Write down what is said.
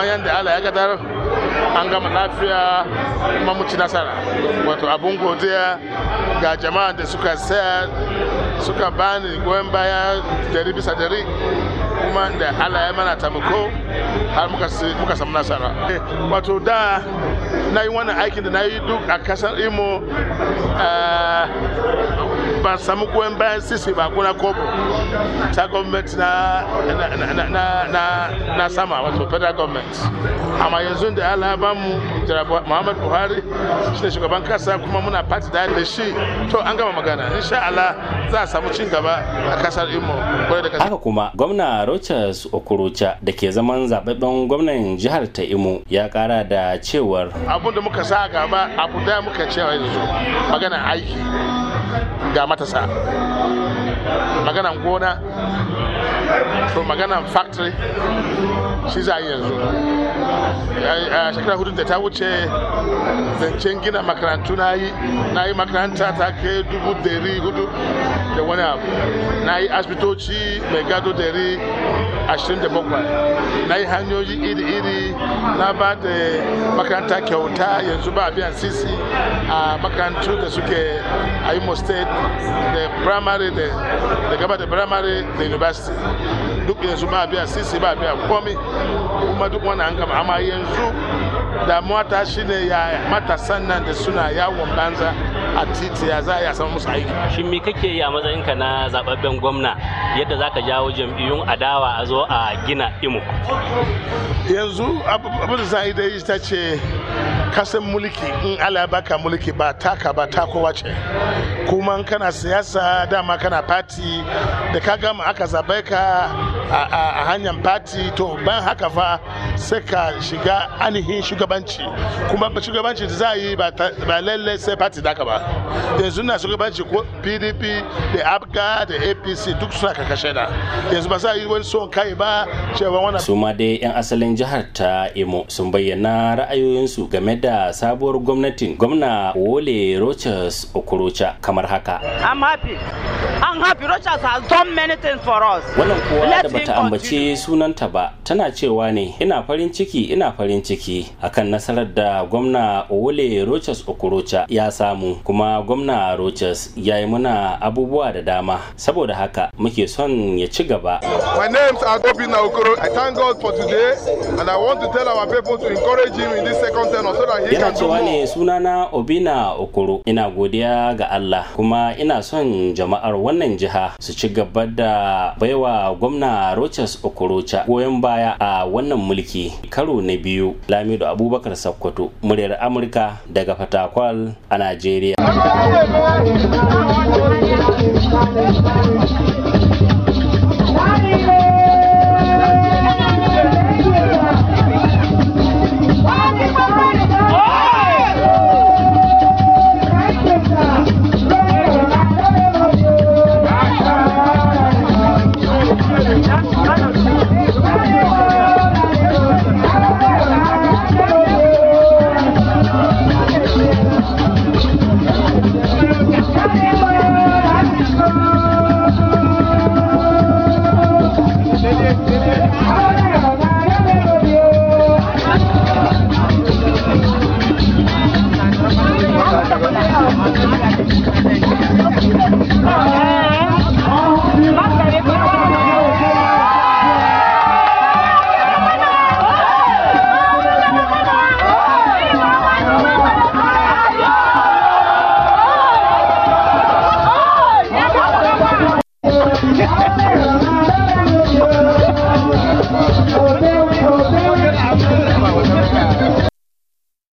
kamar yadda Allah ya gadar an gama lafiya kuma mu nasara wato abun godiya ga jama'a da suka saya suka bani goyon baya dari bisa dari kuma da Allah ya mana tamako har muka samu nasara wato da na yi wannan aikin da na yi duk a kasar imo eh, basamu samu ensisi bakuna kobo kya gavumenti na, na, na, na, na, na sama wato federal government amma yanzu da allah ba buhari shi ne shugaban kasa kuma muna fati da shi to an gama magana insha allah za a samu cin gaba a kasar imo haka kuma gwamna rochas okorocha da ke zaman zababben gwamnan jihar ta imo ya kara da cewar Abu da muka sa gaba abu da muka cewa yanzu magana aiki ga matasa maganan gona to maganan factory shi za a yi yanzu a shekara hudu da ta wuce zancen gina makarantu na yi na yi makaranta ta ke dubu dari hudu da wani abu na yi asibitoci mai gado dari 27 na yi hanyoyi iri-iri na ba da makaranta kyauta yanzu ba biyan sisi a makarantu da suke a imo state da primary da gaba da primary da university duk yanzu ba biya sisi ba biya komi kuma duk wani an gama amma yanzu damuwa ta ne ya matasan nan da suna yawon banza a titi ya za a samu musu aiki shin me kake yi a matsayin ka na zababben gwamna yadda za ka jawo jam'iyyun adawa a zo a gina imo yanzu abin da yi dai ita ce kasan mulki in ala baka mulki ba taka ba ta kowa ce kuma kana siyasa dama kana fati da ka gama aka zabe ka a hanyar fati to ban haka fa ka shiga ainihin shugabanci kuma shugabanci da za a yi ba lalle sai fati daka ba yanzu na shugabanci ko pdp da abga da apc duk suna kakashe da yanzu ba a yi wani son kai ba cewa wani su ma dai yan asalin jihar ta imo sun bayyana ra'ayoyinsu game da sabuwar gwamnatin gwamna wole rochas okorocha kamar haka i'm happy i'm happy rochas has done many things for us wannan kuwa da bata ambaci sunanta ba tana cewa ne ina farin ciki ina farin ciki akan nasarar da gwamna Owole Rochas Okorocha ya samu kuma gwamna Rochas ya yi muna abubuwa da dama saboda haka muke son ya ci gaba. My name is Adobina Okoro. I thank God for today and I want to tell our people to encourage him in this second term so that he Yana cewa ne sunana Obina Okoro. Ina godiya ga Allah kuma ina son jama'ar wannan jiha su ci gaba da baiwa gwamna Rochas Okorocha goyon baya a wannan mulki karo na biyu Lamido Abubakar Sakkwato muryar Amurka daga Fatakwal a Najeriya. Oh,